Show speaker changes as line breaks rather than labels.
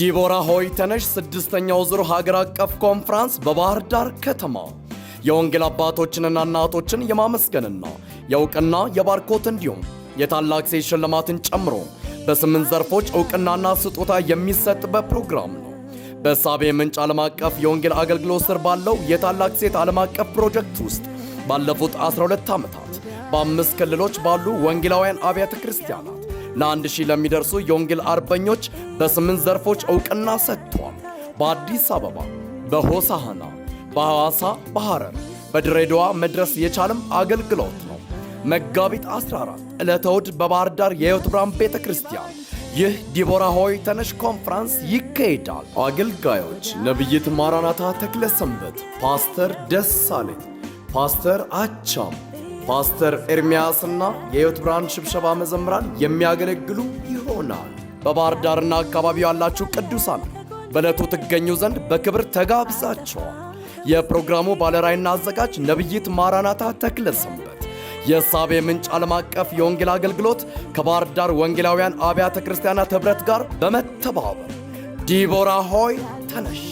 ዲቦራ ሆይ ተነሽ ስድስተኛው ዙር ሀገር አቀፍ ኮንፍራንስ በባህር ዳር ከተማ የወንጌል አባቶችንና እናቶችን የማመስገንና የእውቅና የባርኮት እንዲሁም የታላቅ ሴት ሽልማትን ጨምሮ በስምንት ዘርፎች እውቅናና ስጦታ የሚሰጥበት ፕሮግራም ነው። በሳቤ ምንጭ ዓለም አቀፍ የወንጌል አገልግሎት ስር ባለው የታላቅ ሴት ዓለም አቀፍ ፕሮጀክት ውስጥ ባለፉት 12 ዓመታት በአምስት ክልሎች ባሉ ወንጌላውያን አብያተ ክርስቲያናት ለአንድ ሺህ ለሚደርሱ የወንጌል አርበኞች በስምንት ዘርፎች ዕውቅና ሰጥቷል። በአዲስ አበባ፣ በሆሳህና፣ በሐዋሳ፣ በሐረር፣ በድሬዳዋ መድረስ የቻለም አገልግሎት ነው። መጋቢት 14 ዕለተ እሑድ በባህር ዳር የሕይወት ብርሃን ቤተ ክርስቲያን ይህ ዲቦራ ሆይ ተነሽ ኮንፍራንስ ይካሄዳል።
አገልጋዮች ነቢይት ማራናታ ተክለ ሰንበት፣ ፓስተር ደሳለኝ፣ ፓስተር አቻም ፓስተር ኤርሚያስና የሕይወት ብርሃን ሽብሸባ መዘምራን የሚያገለግሉ ይሆናል።
በባህር ዳርና አካባቢው ያላችሁ ቅዱሳን በዕለቱ ትገኙ ዘንድ በክብር ተጋብዛቸዋል። የፕሮግራሙ ባለራይና አዘጋጅ ነቢይት ማራናታ ተክለ ሰንበት፣ የእሳቤ ምንጭ ዓለም አቀፍ የወንጌል አገልግሎት ከባህር ዳር ወንጌላውያን አብያተ ክርስቲያናት ኅብረት ጋር በመተባበር ዲቦራ ሆይ ተነሽ